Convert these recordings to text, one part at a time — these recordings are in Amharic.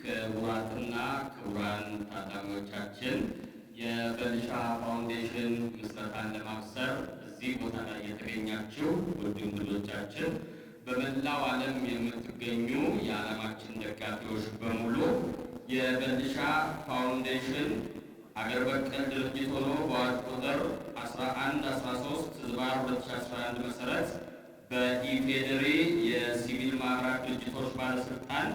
ክቡራትና ክቡራን ታዳሚዎቻችን የበልሻ ፋውንዴሽን ምስረታን ለማብሰር እዚህ ቦታ ላይ የተገኛችሁ ውድ እንግዶቻችን፣ በመላው ዓለም የምትገኙ የዓለማችን ደጋፊዎች በሙሉ የበልሻ ፋውንዴሽን አገር በቀል ድርጅት ሆኖ በአዋጅ ቁጥር 11 13 2011 መሰረት በኢፌዴሪ የሲቪል ማህበራት ድርጅቶች ባለስልጣን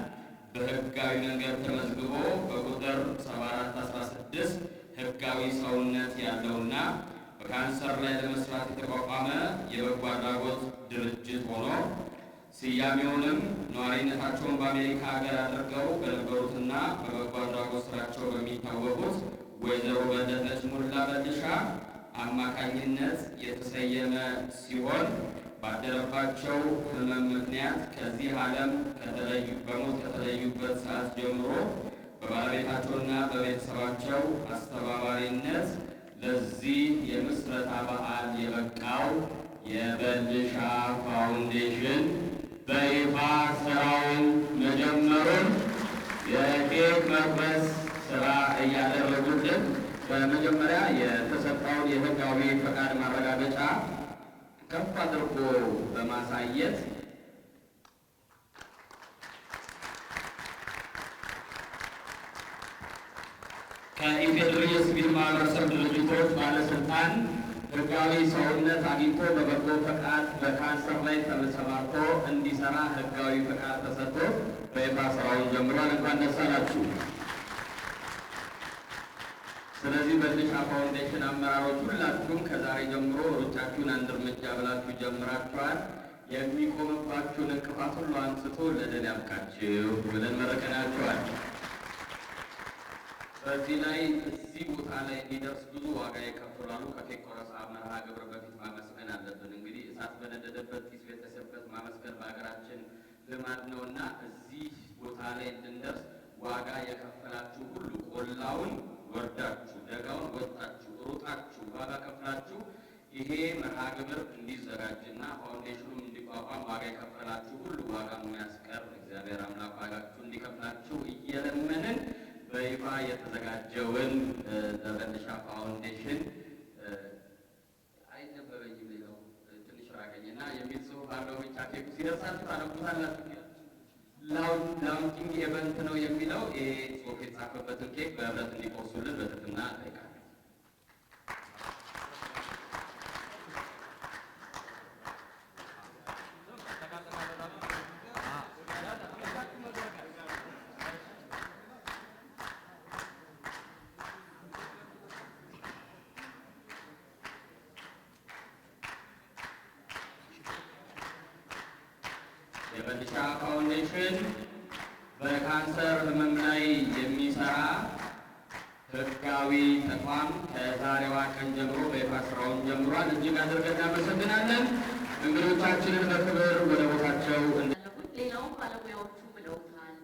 በህጋዊ ነገር ተመዝግቦ በቁጥር 7416 ህጋዊ ሰውነት ያለውና በካንሰር ላይ ለመስራት የተቋቋመ የበጎ አድራጎት ድርጅት ሆኖ ስያሜውንም ነዋሪነታቸውን በአሜሪካ ሀገር አድርገው በነበሩትና በበጎ አድራጎት ስራቸው በሚታወቁት ወይዘሮ በለጠች ሙላ በልሻ አማካኝነት የተሰየመ ሲሆን ባደረባቸው ሕመም ምክንያት ከዚህ ዓለም በሞት ከተለዩበት ሰዓት ጀምሮ በባለቤታቸውና በቤተሰባቸው አስተባባሪነት ለዚህ የምስረታ በዓል የበቃው የበልሻ ፋውንዴሽን በይፋ ስራውን መጀመሩን የኬክ መቅመስ ስራ እያደረጉልን በመጀመሪያ የተሰጠውን የህጋዊ ፈቃድ ማረጋገጫ ከፍ አድርጎ በማሳየት ከኢፌድሪ የሲቪል ማህበረሰብ ድርጅቶች ባለስልጣን ህጋዊ ሰውነት አግኝቶ በበጎ ፈቃድ በካንሰር ላይ ተሰማርቶ እንዲሰራ ህጋዊ ፈቃድ ተሰጥቶ በይፋ ስራውን ጀምሯል። እንኳን ደስ አላችሁ። ስለዚህ በልጅ ፋውንዴሽን አመራሮች ሁላችሁም ከዛሬ ጀምሮ ሩጫችሁን አንድ እርምጃ ብላችሁ ጀምራችኋል። የሚቆምባችሁን እንቅፋት ሁሉ አንስቶ ለደን ያብቃችሁ ብለን መረቀናችኋል። በዚህ ላይ እዚህ ቦታ ላይ እንዲደርስ ብዙ ዋጋ የከፍሏሉ። ከኬክ መርሃ ግብር በፊት ማመስገን አለብን። እንግዲህ እሳት በነደደበት ጢስ ቤተሰበት ማመስገን በሀገራችን ልማድ ነው እና እዚህ ቦታ ላይ እንድንደርስ ዋጋ የከፈላችሁ ሁሉ ቆላውን ወርዳችሁ ደጋውን ወጣችሁ ሩጣችሁ ዋጋ ከፍላችሁ ይሄ መርሃ ግብር እንዲዘጋጅና ፋውንዴሽኑም እንዲቋቋም ዋጋ የከፈላችሁ ሁሉ ዋጋ የሚያስቀር እግዚአብሔር አምላክ ዋጋችሁ እንዲከፍላችሁ እየለመንን በይፋ የተዘጋጀውን ዘበንሻ ፋውንዴሽን አይነበበኝም ሌላው ትንሽ ራቀኝና የሚል ጽሁፍ አለው ብቻ ሲደርሳችሁ ታነቡታላችሁ። ላውንቲንግ ኤቨንት ነው የሚለው ይሄ ጽሁፍ የተጻፈበትን ኬክ በህብረት እንዲቆርሱልን በትህትና እጠይቃለሁ። የመነሻ ፋውንዴሽን በካንሰር ህመም ላይ የሚሰራ ህጋዊ ተቋም ከዛሬዋ ቀን ጀምሮ በይፋ ስራውን ጀምሯል። እጅግ አድርገን እናመሰግናለን። እንግዶቻችንን በክብር ወደ ቦታቸው ሌላውም ባለሙያዎቹ ብለውታል።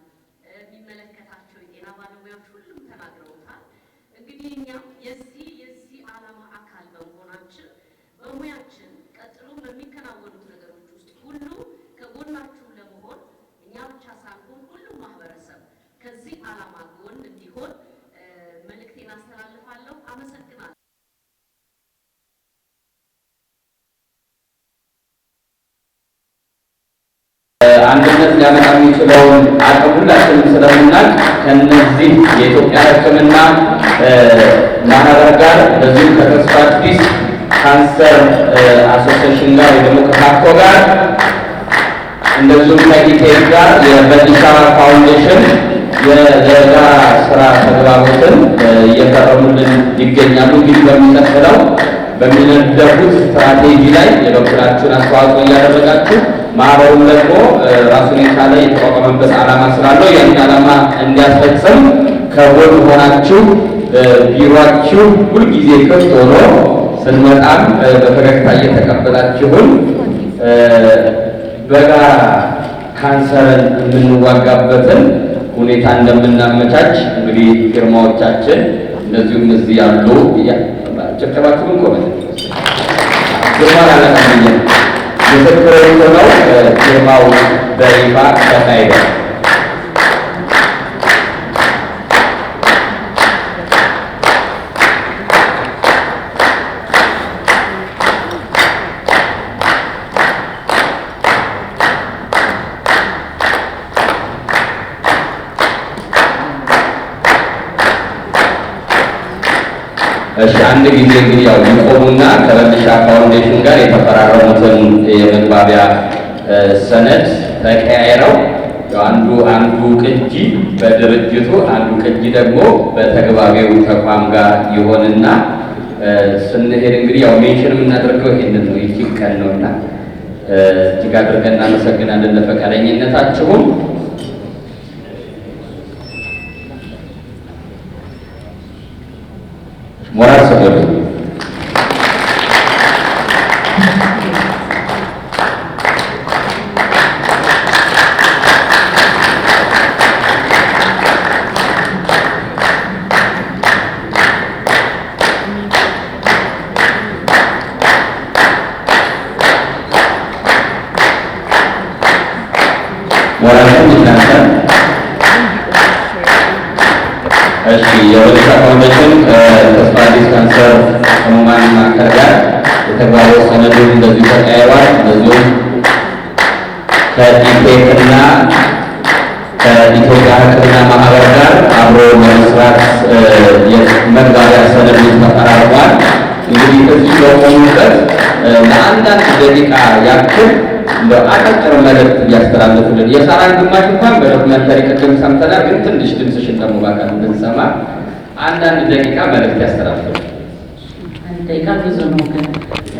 የሚመለከታቸው የጤና ባለሙያዎች ሁሉም ተናግረውታል። እንግዲህ እኛም የዚህ የዚህ ዓላማ አካል በመሆናችን በሙያችን በሚከናወኑት አንድነት ሊያመጣ የሚችለውን አቅም ሁላችንም ስለምናል ከነዚህ የኢትዮጵያ ሕክምና ማህበር ጋር በዚሁም ከተስፋ አዲስ ካንሰር አሶሲሽን ጋር ደግሞ ከፋኮ ጋር እንደዚሁም ከኢቴ ጋር የበዲሳ ፋውንዴሽን የደረጃ ስራ ተግባቦትን እየፈረሙልን ይገኛሉ። እንግዲህ በሚቀጥለው በሚነደፉት ስትራቴጂ ላይ የበኩላችሁን አስተዋጽኦ እያደረጋችሁ ማህበሩም ደግሞ ራሱን የቻለ የተቋቋመበት ዓላማ ስላለው ያን ዓላማ እንዲያስፈጽም ከጎን ሆናችሁ ቢሯችሁ ሁልጊዜ ክፍት ሆኖ ስንመጣም በፈገግታ እየተቀበላችሁን በጋራ ካንሰርን የምንዋጋበትን ሁኔታ እንደምናመቻች እንግዲህ ግርማዎቻችን እንደዚሁም እዚህ ያሉ ጭብጨባችሁን ቆመ ግርማ ላለቀ የፍቅር የተሰማው ፊርማው በይፋ ተካሂዷል። እሺ አንድ ጊዜ እንግዲህ ያው ሊቆሙና ከበልሻ ፋውንዴሽን ጋር የተፈራረሙትን የመግባቢያ ሰነድ ተቀያይረው አንዱ አንዱ ቅጂ በድርጅቱ አንዱ ቅጂ ደግሞ በተግባቢው ተቋም ጋር ይሆንና ስንሄድ እንግዲህ ያው ሜንሽን የምናደርገው ይሄንን ነው። ይቺ ቀን ነውና እጅግ አድርገን እናመሰግናለን ለፈቃደኝነታችሁም። Murah saudara. Moral itu እሺ የወጣ ኮሚሽን ተስፋ አዲስ ካንሰር ህሙማን ማዕከል ጋር የተግባባው ሰነዱ እንደዚሁ ተቀያይሯል። እንደዚሁም ከኢፔክ እና ከኢትዮጵያ ሕክምና ማህበር ጋር አብሮ ለመስራት መግባቢያ ሰነድ ተፈራርሟል። እንግዲህ እዚህ በመሆኑ ቀት ለአንዳንድ ደቂቃ ያክል በአጫጭር መልዕክት እያስተላለፉልን የሳራን ግማሽ እንኳን በዶክመንተሪ ቅድም ሰምተናል፣ ግን ትንሽ ድምፅሽን ደግሞ ባካል እንድንሰማ አንዳንድ ደቂቃ መልዕክት ያስተላልፍልን። አንድ ደቂቃ ብዙ ነው ግን